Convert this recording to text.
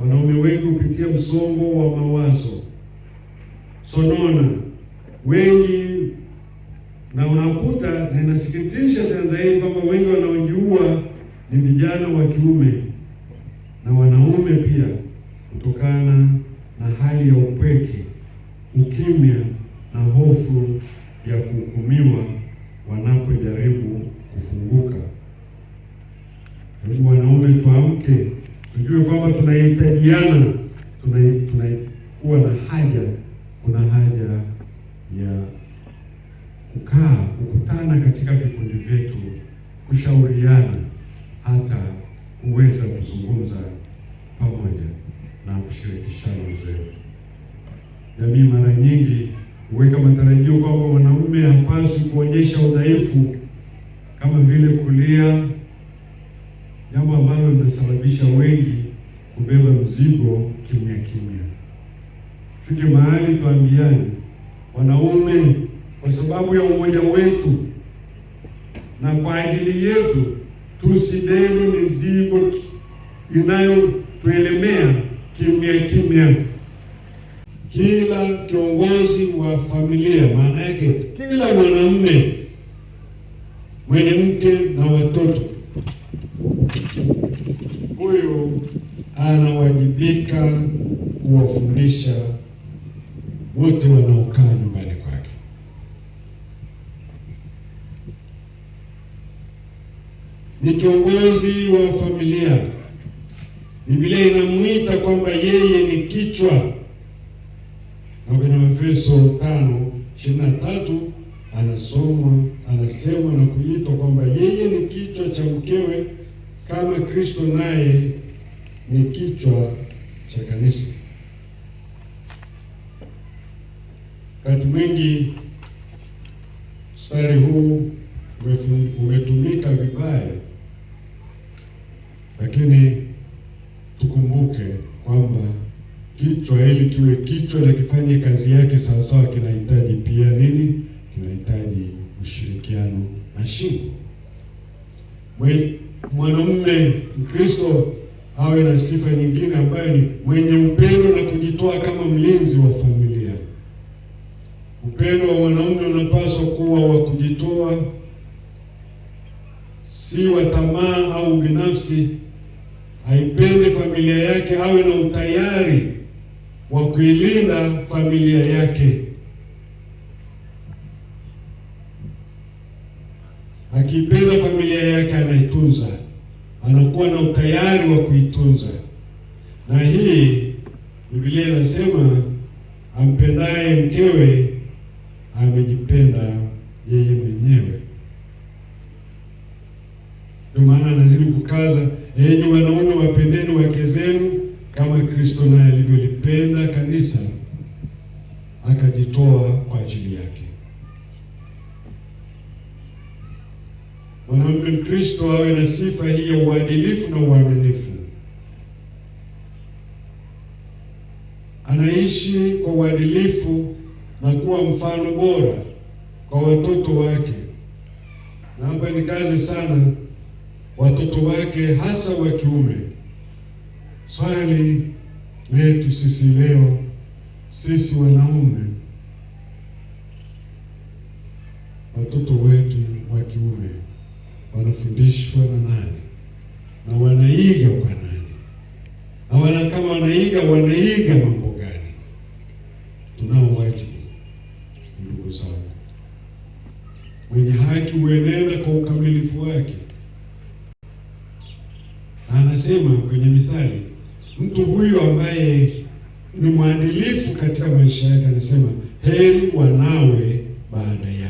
Wanaume wengi hupitia msongo wa mawazo, sonona wengi, na unakuta na inasikitisha Tanzania kwamba wengi wanaojiua ni vijana wa kiume na wanaume pia, kutokana na hali ya upweke, ukimya na hofu ya kuhukumiwa wanapojaribu tunasaidiana, tunakuwa na haja, kuna haja ya kukaa, kukutana katika vikundi vyetu, kushauriana, hata kuweza kuzungumza pamoja na kushirikishana uzoefu. Jamii mara nyingi huweka matarajio kwamba mwanaume hapaswi kuonyesha udhaifu kama vile kulia, jambo ambalo linasababisha wengi kubeba mzigo kimya kimya. Tuje mahali tuambiane, wanaume, kwa sababu ya umoja wetu na kwa ajili yetu, tusibebe mizigo inayotuelemea kimya kimya. Kila kiongozi wa familia, maana yake kila mwanamume mwenye mke na watoto, huyo anawajibika kuwafundisha wote wanaokaa nyumbani kwake. Ni kiongozi wa familia. Biblia inamwita kwamba yeye ni kichwa, na kwenye Efeso tano ishirini na tatu anasomwa anasema na kuitwa kwamba yeye ni kichwa cha mkewe kama Kristo naye ni kichwa cha kanisa. Wakati mwingi mstari huu umetumika vibaya, lakini tukumbuke kwamba kichwa ili kiwe kichwa na kifanye kazi yake sawasawa, kinahitaji pia nini? Kinahitaji ushirikiano na shingo. Mwanamume Mkristo awe na sifa nyingine ambayo ni mwenye upendo na kujitoa kama mlinzi wa familia. Upendo wa mwanaume unapaswa kuwa wa kujitoa, si wa tamaa au binafsi. Aipende familia yake, awe na utayari wa kuilinda familia yake. Akiipenda familia yake, anaitunza anakuwa na utayari wa kuitunza, na hii Biblia inasema ampendaye mkewe amejipenda yeye mwenyewe. Ndio maana anazidi kukaza, enyi wanaume wapendeni wake zenu kama Kristo naye alivyolipenda kanisa akajitoa kwa ajili yake. Mwanamke Mkristo awe na sifa hii ya uadilifu na uaminifu. Anaishi kwa uadilifu na kuwa mfano bora kwa watoto wake, na hapa ni kazi sana watoto wake hasa wa kiume. Swali letu sisi leo, sisi wanaume, watoto wetu wa kiume wanafundishwa na nani na wanaiga kwa nani, na wana kama wanaiga wanaiga mambo gani? Tunao wajibu, ndugu zangu. Mwenye haki huenenda kwa ukamilifu wake, anasema kwenye Mithali, mtu huyu ambaye ni mwadilifu katika maisha yake, anasema heri wanawe baada ya